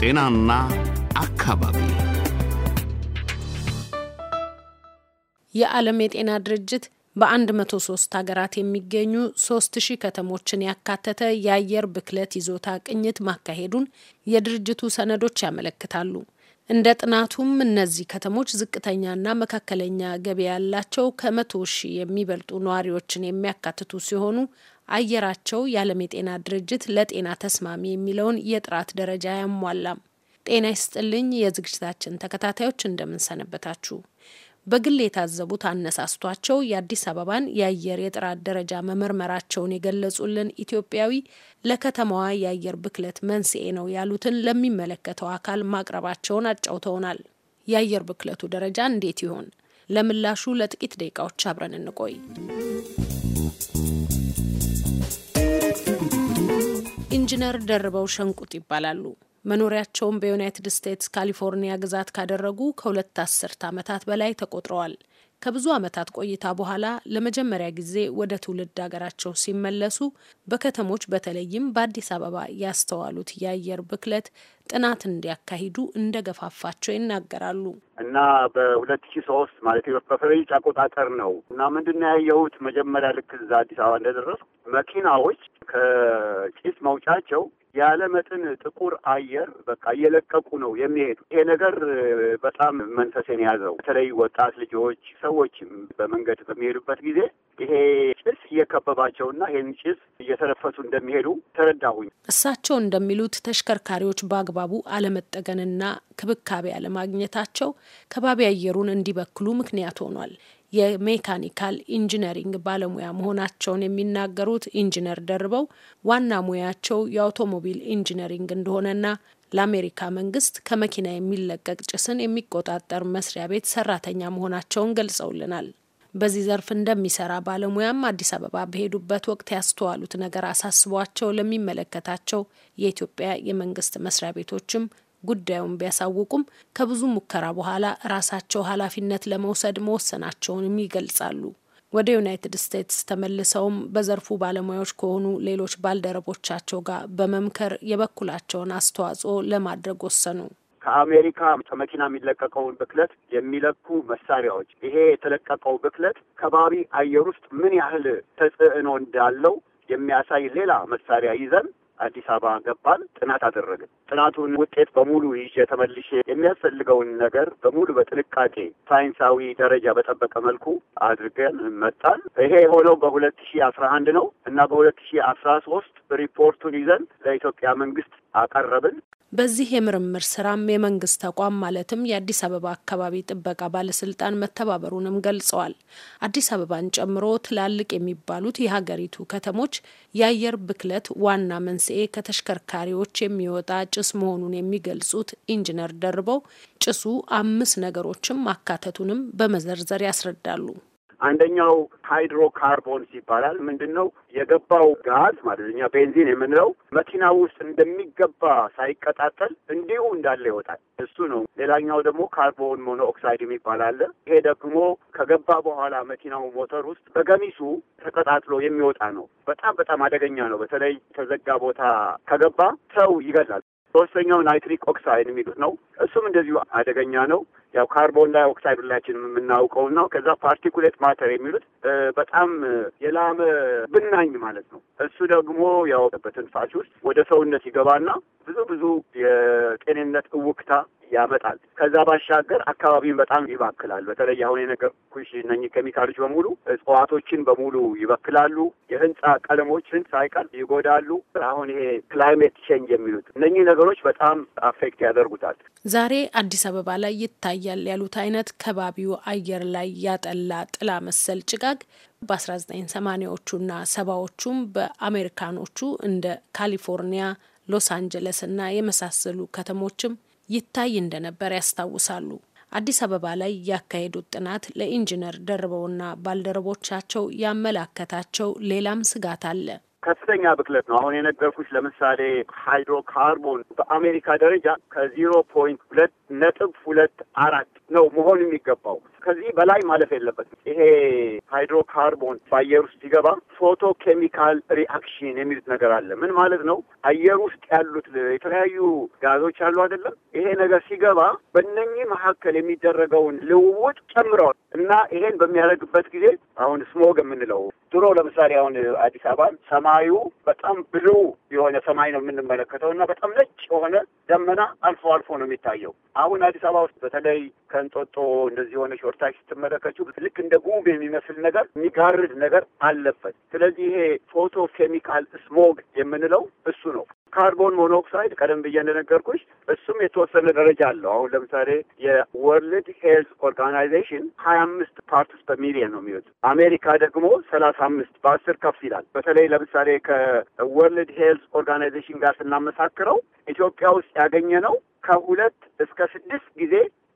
ጤናና አካባቢ የዓለም የጤና ድርጅት በ103 ሀገራት የሚገኙ 3000 ከተሞችን ያካተተ የአየር ብክለት ይዞታ ቅኝት ማካሄዱን የድርጅቱ ሰነዶች ያመለክታሉ። እንደ ጥናቱም እነዚህ ከተሞች ዝቅተኛና መካከለኛ ገቢ ያላቸው ከመቶ ሺህ የሚበልጡ ነዋሪዎችን የሚያካትቱ ሲሆኑ አየራቸው የዓለም የጤና ድርጅት ለጤና ተስማሚ የሚለውን የጥራት ደረጃ አያሟላም። ጤና ይስጥልኝ የዝግጅታችን ተከታታዮች እንደምንሰነበታችሁ። በግል የታዘቡት አነሳስቷቸው የአዲስ አበባን የአየር የጥራት ደረጃ መመርመራቸውን የገለጹልን ኢትዮጵያዊ ለከተማዋ የአየር ብክለት መንስኤ ነው ያሉትን ለሚመለከተው አካል ማቅረባቸውን አጫውተውናል። የአየር ብክለቱ ደረጃ እንዴት ይሆን? ለምላሹ ለጥቂት ደቂቃዎች አብረን እንቆይ። ኢንጂነር ደርበው ሸንቁጥ ይባላሉ። መኖሪያቸውን በዩናይትድ ስቴትስ ካሊፎርኒያ ግዛት ካደረጉ ከሁለት አስርት ዓመታት በላይ ተቆጥረዋል። ከብዙ ዓመታት ቆይታ በኋላ ለመጀመሪያ ጊዜ ወደ ትውልድ ሀገራቸው ሲመለሱ በከተሞች በተለይም በአዲስ አበባ ያስተዋሉት የአየር ብክለት ጥናት እንዲያካሂዱ እንደገፋፋቸው ይናገራሉ። እና በሁለት ሺ ሶስት ማለት በፈረንጅ አቆጣጠር ነው። እና ምንድን ነው ያየሁት መጀመሪያ ልክ እዛ አዲስ አበባ እንደደረሱ መኪናዎች ከጭስ መውጫቸው ያለ መጠን ጥቁር አየር በቃ እየለቀቁ ነው የሚሄዱ። ይሄ ነገር በጣም መንፈሴን ያዘው። በተለይ ወጣት ልጆች፣ ሰዎችም በመንገድ በሚሄዱበት ጊዜ ይሄ ጭስ እየከበባቸውና ይህን ጭስ እየተነፈሱ እንደሚሄዱ ተረዳሁኝ። እሳቸው እንደሚሉት ተሽከርካሪዎች በአግባቡ አለመጠገንና ክብካቤ አለማግኘታቸው ከባቢ አየሩን እንዲበክሉ ምክንያት ሆኗል። የሜካኒካል ኢንጂነሪንግ ባለሙያ መሆናቸውን የሚናገሩት ኢንጂነር ደርበው ዋና ሙያቸው የአውቶሞቢል ኢንጂነሪንግ እንደሆነና ለአሜሪካ መንግስት ከመኪና የሚለቀቅ ጭስን የሚቆጣጠር መስሪያ ቤት ሰራተኛ መሆናቸውን ገልጸውልናል። በዚህ ዘርፍ እንደሚሰራ ባለሙያም አዲስ አበባ በሄዱበት ወቅት ያስተዋሉት ነገር አሳስቧቸው ለሚመለከታቸው የኢትዮጵያ የመንግስት መስሪያ ቤቶችም ጉዳዩን ቢያሳውቁም ከብዙ ሙከራ በኋላ ራሳቸው ኃላፊነት ለመውሰድ መወሰናቸውንም ይገልጻሉ። ወደ ዩናይትድ ስቴትስ ተመልሰውም በዘርፉ ባለሙያዎች ከሆኑ ሌሎች ባልደረቦቻቸው ጋር በመምከር የበኩላቸውን አስተዋጽኦ ለማድረግ ወሰኑ። ከአሜሪካ ከመኪና የሚለቀቀውን ብክለት የሚለኩ መሳሪያዎች፣ ይሄ የተለቀቀው ብክለት ከባቢ አየር ውስጥ ምን ያህል ተጽዕኖ እንዳለው የሚያሳይ ሌላ መሳሪያ ይዘን አዲስ አበባ ገባን። ጥናት አደረግን። ጥናቱን ውጤት በሙሉ ይዤ ተመልሼ የሚያስፈልገውን ነገር በሙሉ በጥንቃቄ ሳይንሳዊ ደረጃ በጠበቀ መልኩ አድርገን መጣን። ይሄ የሆነው በሁለት ሺ አስራ አንድ ነው እና በሁለት ሺ አስራ ሶስት ሪፖርቱን ይዘን ለኢትዮጵያ መንግስት አቀረብን። በዚህ የምርምር ስራም የመንግስት ተቋም ማለትም የአዲስ አበባ አካባቢ ጥበቃ ባለስልጣን መተባበሩንም ገልጸዋል። አዲስ አበባን ጨምሮ ትላልቅ የሚባሉት የሀገሪቱ ከተሞች የአየር ብክለት ዋና መንስኤ ከተሽከርካሪዎች የሚወጣ ጭስ መሆኑን የሚገልጹት ኢንጂነር ደርበው ጭሱ አምስት ነገሮችን ማካተቱንም በመዘርዘር ያስረዳሉ። አንደኛው ሃይድሮካርቦንስ ይባላል። ምንድን ነው የገባው ጋዝ ማለት እኛ ቤንዚን የምንለው መኪና ውስጥ እንደሚገባ ሳይቀጣጠል እንዲሁ እንዳለ ይወጣል። እሱ ነው። ሌላኛው ደግሞ ካርቦን ሞኖኦክሳይድ የሚባል አለ። ይሄ ደግሞ ከገባ በኋላ መኪናው ሞተር ውስጥ በገሚሱ ተቀጣጥሎ የሚወጣ ነው። በጣም በጣም አደገኛ ነው። በተለይ ተዘጋ ቦታ ከገባ ሰው ይገላል። ሶስተኛው ናይትሪክ ኦክሳይድ የሚሉት ነው። እሱም እንደዚሁ አደገኛ ነው። ያው ካርቦን ላይ ኦክሳይድ ሁላችን የምናውቀውን ነው። ከዛ ፓርቲኩሌት ማተር የሚሉት በጣም የላመ ብናኝ ማለት ነው። እሱ ደግሞ ያው በትንፋሽ ውስጥ ወደ ሰውነት ይገባና ብዙ ብዙ የጤንነት እውክታ ያመጣል። ከዛ ባሻገር አካባቢን በጣም ይባክላል። በተለይ አሁን የነገርኩሽ እነኚህ ኬሚካሎች በሙሉ እጽዋቶችን በሙሉ ይበክላሉ። የህንፃ ቀለሞችን ሳይቀር ይጎዳሉ። አሁን ይሄ ክላይሜት ቼንጅ የሚሉት እነኚህ ነገሮች በጣም አፌክት ያደርጉታል። ዛሬ አዲስ አበባ ላይ ይታያል ይታያል ያሉት አይነት ከባቢው አየር ላይ ያጠላ ጥላ መሰል ጭጋግ በ1980ዎቹና ሰባዎቹም በአሜሪካኖቹ እንደ ካሊፎርኒያ፣ ሎስ አንጀለስ እና የመሳሰሉ ከተሞችም ይታይ እንደነበር ያስታውሳሉ። አዲስ አበባ ላይ ያካሄዱት ጥናት ለኢንጂነር ደርበውና ባልደረቦቻቸው ያመላከታቸው ሌላም ስጋት አለ። ከፍተኛ ብክለት ነው። አሁን የነገርኩሽ ለምሳሌ ሃይድሮካርቦን በአሜሪካ ደረጃ ከዚሮ ፖይንት ሁለት ነጥብ ሁለት አራት ነው መሆን የሚገባው። ከዚህ በላይ ማለፍ የለበትም። ይሄ ሃይድሮካርቦን በአየር ውስጥ ሲገባ ፎቶ ኬሚካል ሪአክሽን የሚሉት ነገር አለ። ምን ማለት ነው? አየር ውስጥ ያሉት የተለያዩ ጋዞች አሉ አይደለም? ይሄ ነገር ሲገባ በእነኚህ መካከል የሚደረገውን ልውውጥ ጨምረዋል እና ይሄን በሚያደርግበት ጊዜ አሁን ስሞግ የምንለው ድሮ ለምሳሌ አሁን አዲስ አበባ ሰማዩ በጣም ብሉ የሆነ ሰማይ ነው የምንመለከተው እና በጣም ነጭ የሆነ ደመና አልፎ አልፎ ነው የሚታየው አሁን አዲስ አበባ ውስጥ በተለይ ከእንጦጦ እንደዚህ የሆነች ወርታች ስትመለከቱ ልክ እንደ ጉብ የሚመስል ነገር የሚጋርድ ነገር አለበት። ስለዚህ ይሄ ፎቶ ኬሚካል ስሞግ የምንለው እሱ ነው። ካርቦን ሞኖክሳይድ ቀደም ብዬ እንደነገርኩሽ እሱም የተወሰነ ደረጃ አለው። አሁን ለምሳሌ የወርልድ ሄልዝ ኦርጋናይዜሽን ሀያ አምስት ፓርትስ በሚሊየን ነው የሚወጡ አሜሪካ ደግሞ ሰላሳ አምስት በአስር ከፍ ይላል። በተለይ ለምሳሌ ከወርልድ ሄልዝ ኦርጋናይዜሽን ጋር ስናመሳክረው ኢትዮጵያ ውስጥ ያገኘ ነው ከሁለት እስከ ስድስት ጊዜ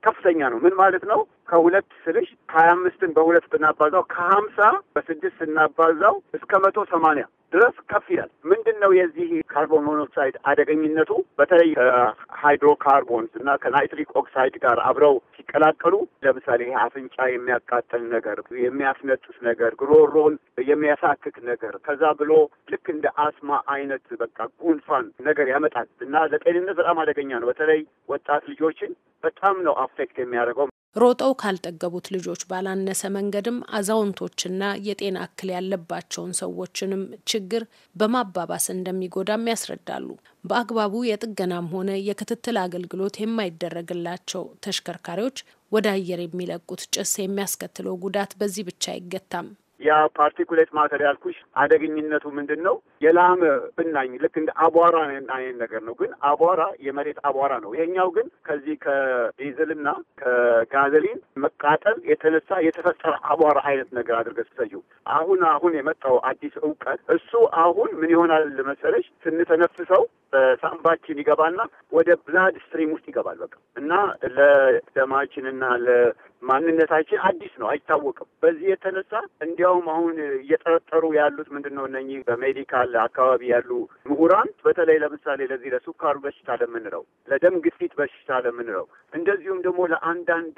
ከፍተኛ ነው። ምን ማለት ነው? ከሁለት ስልሽ ሀያ አምስትን በሁለት ብናባዛው ከሀምሳ በስድስት ስናባዛው እስከ መቶ ሰማንያ ድረስ ከፍ ይላል። ምንድን ነው የዚህ ካርቦን ሞኖክሳይድ አደገኝነቱ? በተለይ ከሃይድሮካርቦንስ እና ከናይትሪክ ኦክሳይድ ጋር አብረው ሲቀላቀሉ ለምሳሌ አፍንጫ የሚያቃጠል ነገር፣ የሚያስነጥስ ነገር፣ ግሮሮን የሚያሳክክ ነገር ከዛ ብሎ ልክ እንደ አስማ አይነት በቃ ጉንፋን ነገር ያመጣል እና ለጤንነት በጣም አደገኛ ነው። በተለይ ወጣት ልጆችን በጣም ነው አፌክት የሚያደርገው። ሮጠው ካልጠገቡት ልጆች ባላነሰ መንገድም አዛውንቶችና የጤና እክል ያለባቸውን ሰዎችንም ችግር በማባባስ እንደሚጎዳም ያስረዳሉ። በአግባቡ የጥገናም ሆነ የክትትል አገልግሎት የማይደረግላቸው ተሽከርካሪዎች ወደ አየር የሚለቁት ጭስ የሚያስከትለው ጉዳት በዚህ ብቻ አይገታም። ያ ፓርቲኩሌት ማተር ያልኩሽ አደገኝነቱ ምንድን ነው? የላመ ብናኝ ልክ እንደ አቧራ አይነት ነገር ነው። ግን አቧራ የመሬት አቧራ ነው። ይሄኛው ግን ከዚህ ከዲዝልና ከጋዘሊን መቃጠል የተነሳ የተፈጠረ አቧራ አይነት ነገር አድርገ ስተዩ አሁን አሁን የመጣው አዲስ እውቀት እሱ አሁን ምን ይሆናል መሰለሽ ስንተነፍሰው በሳምባችን ይገባና ወደ ብላድ ስትሪም ውስጥ ይገባል። በቃ እና ለደማችንና ለማንነታችን አዲስ ነው፣ አይታወቅም። በዚህ የተነሳ እንዲያውም አሁን እየጠረጠሩ ያሉት ምንድን ነው እነኚህ በሜዲካል አካባቢ ያሉ ምሁራን በተለይ ለምሳሌ ለዚህ ለሱካሩ በሽታ ለምንለው፣ ለደም ግፊት በሽታ ለምንለው፣ እንደዚሁም ደግሞ ለአንዳንድ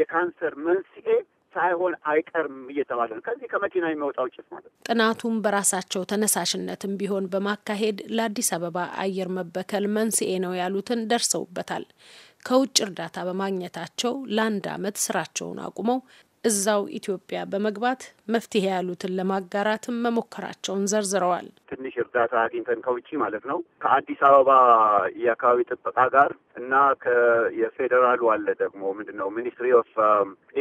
የካንሰር መንስኤ ሳይሆን አይቀርም እየተባለ ነው። ከዚህ ከመኪና የሚወጣው ጭስ ማለት ነው። ጥናቱም በራሳቸው ተነሳሽነትም ቢሆን በማካሄድ ለአዲስ አበባ አየር መበከል መንስኤ ነው ያሉትን ደርሰውበታል። ከውጭ እርዳታ በማግኘታቸው ለአንድ ዓመት ስራቸውን አቁመው እዛው ኢትዮጵያ በመግባት መፍትሄ ያሉትን ለማጋራትም መሞከራቸውን ዘርዝረዋል። ትንሽ እርዳታ አግኝተን ከውጭ ማለት ነው ከአዲስ አበባ የአካባቢ ጥበቃ ጋር እና ከየፌዴራሉ አለ ደግሞ ምንድን ነው ሚኒስትሪ ኦፍ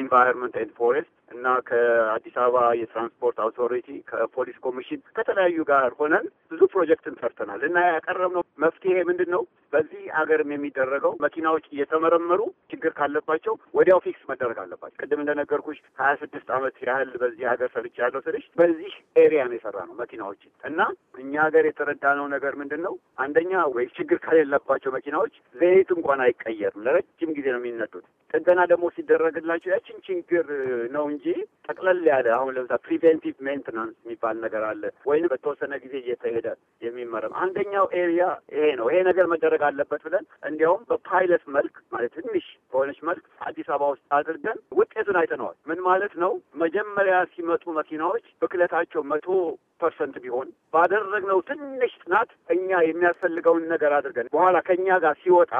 ኢንቫይሮንመንት ኤንድ ፎሬስት እና ከአዲስ አበባ የትራንስፖርት አውቶሪቲ ከፖሊስ ኮሚሽን ከተለያዩ ጋር ሆነን ብዙ ፕሮጀክትን ሰርተናል እና ያቀረብነው መፍትሄ ምንድን ነው? በዚህ አገርም የሚደረገው መኪናዎች እየተመረመሩ ችግር ካለባቸው ወዲያው ፊክስ መደረግ አለባቸው። ቅድም እንደነገርኩሽ ሀያ ስድስት ዓመት ያህል በዚህ ሀገር ሰርቻ ያለው ስልሽ በዚህ ኤሪያ ነው የሰራ ነው መኪናዎችን እና እኛ ሀገር የተረዳነው ነገር ምንድን ነው? አንደኛ ወይ ችግር ከሌለባቸው መኪናዎች ዘይት እንኳን አይቀየርም። ለረጅም ጊዜ ነው የሚነዱት። ጥገና ደግሞ ሲደረግላቸው ያችን ችግር ነው እንጂ እንጂ ጠቅለል ያለ አሁን ለምሳሌ ፕሪቬንቲቭ ሜንትናንስ የሚባል ነገር አለ ወይም በተወሰነ ጊዜ እየተሄደ የሚመረም አንደኛው ኤሪያ ይሄ ነው። ይሄ ነገር መደረግ አለበት ብለን እንዲያውም በፓይለት መልክ ማለት ትንሽ በሆነች መልክ አዲስ አበባ ውስጥ አድርገን ውጤቱን አይተነዋል። ምን ማለት ነው? መጀመሪያ ሲመጡ መኪናዎች ብክለታቸው መቶ ፐርሰንት ቢሆን ባደረግነው ትንሽ ጥናት እኛ የሚያስፈልገውን ነገር አድርገን በኋላ ከእኛ ጋር ሲወጣ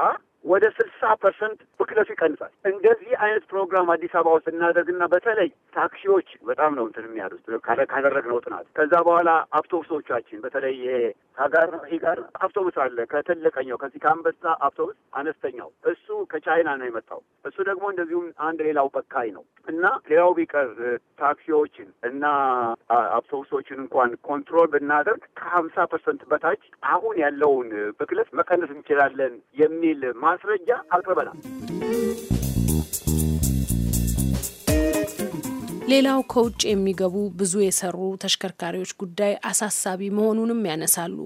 ወደ ስልሳ ፐርሰንት ብክለቱ ይቀንሳል። እንደዚህ አይነት ፕሮግራም አዲስ አበባ ውስጥ እናደርግና በተለይ ታክሲዎች በጣም ነው እንትን የሚያሉት ካደረግነው ጥናት ከዛ በኋላ አውቶቡሶቻችን በተለይ ይሄ ከጋርሂ ጋር አውቶቡስ አለ። ከትልቀኛው ከዚህ ከአንበሳ አውቶቡስ አነስተኛው እሱ ከቻይና ነው የመጣው። እሱ ደግሞ እንደዚሁም አንድ ሌላው በካይ ነው እና ሌላው ቢቀር ታክሲዎችን እና አውቶቡሶችን እንኳን ኮንትሮል ብናደርግ ከሀምሳ ፐርሰንት በታች አሁን ያለውን ብክለት መቀነስ እንችላለን የሚል ማስረጃ አቅርበናል። ሌላው ከውጭ የሚገቡ ብዙ የሰሩ ተሽከርካሪዎች ጉዳይ አሳሳቢ መሆኑንም ያነሳሉ።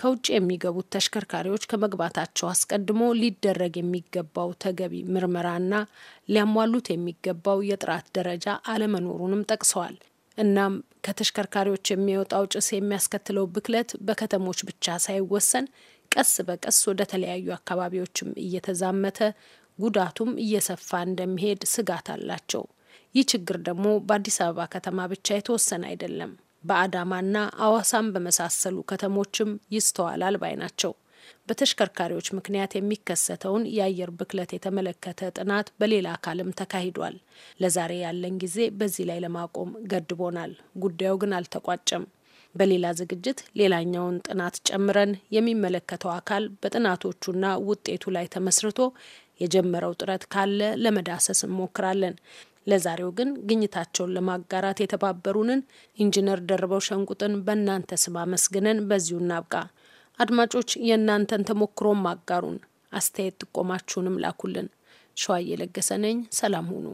ከውጭ የሚገቡት ተሽከርካሪዎች ከመግባታቸው አስቀድሞ ሊደረግ የሚገባው ተገቢ ምርመራና ሊያሟሉት የሚገባው የጥራት ደረጃ አለመኖሩንም ጠቅሰዋል። እናም ከተሽከርካሪዎች የሚወጣው ጭስ የሚያስከትለው ብክለት በከተሞች ብቻ ሳይወሰን ቀስ በቀስ ወደ ተለያዩ አካባቢዎችም እየተዛመተ ጉዳቱም እየሰፋ እንደሚሄድ ስጋት አላቸው። ይህ ችግር ደግሞ በአዲስ አበባ ከተማ ብቻ የተወሰነ አይደለም። በአዳማና አዋሳም በመሳሰሉ ከተሞችም ይስተዋላል ባይ ናቸው። በተሽከርካሪዎች ምክንያት የሚከሰተውን የአየር ብክለት የተመለከተ ጥናት በሌላ አካልም ተካሂዷል። ለዛሬ ያለን ጊዜ በዚህ ላይ ለማቆም ገድቦናል። ጉዳዩ ግን አልተቋጨም። በሌላ ዝግጅት ሌላኛውን ጥናት ጨምረን የሚመለከተው አካል በጥናቶቹና ውጤቱ ላይ ተመስርቶ የጀመረው ጥረት ካለ ለመዳሰስ እንሞክራለን። ለዛሬው ግን ግኝታቸውን ለማጋራት የተባበሩንን ኢንጂነር ደርበው ሸንቁጥን በእናንተ ስም አመስግነን በዚሁ እናብቃ። አድማጮች የእናንተን ተሞክሮም አጋሩን፣ አስተያየት ጥቆማችሁንም ላኩልን። ሸዋዬ ለገሰ ነኝ። ሰላም ሁኑ።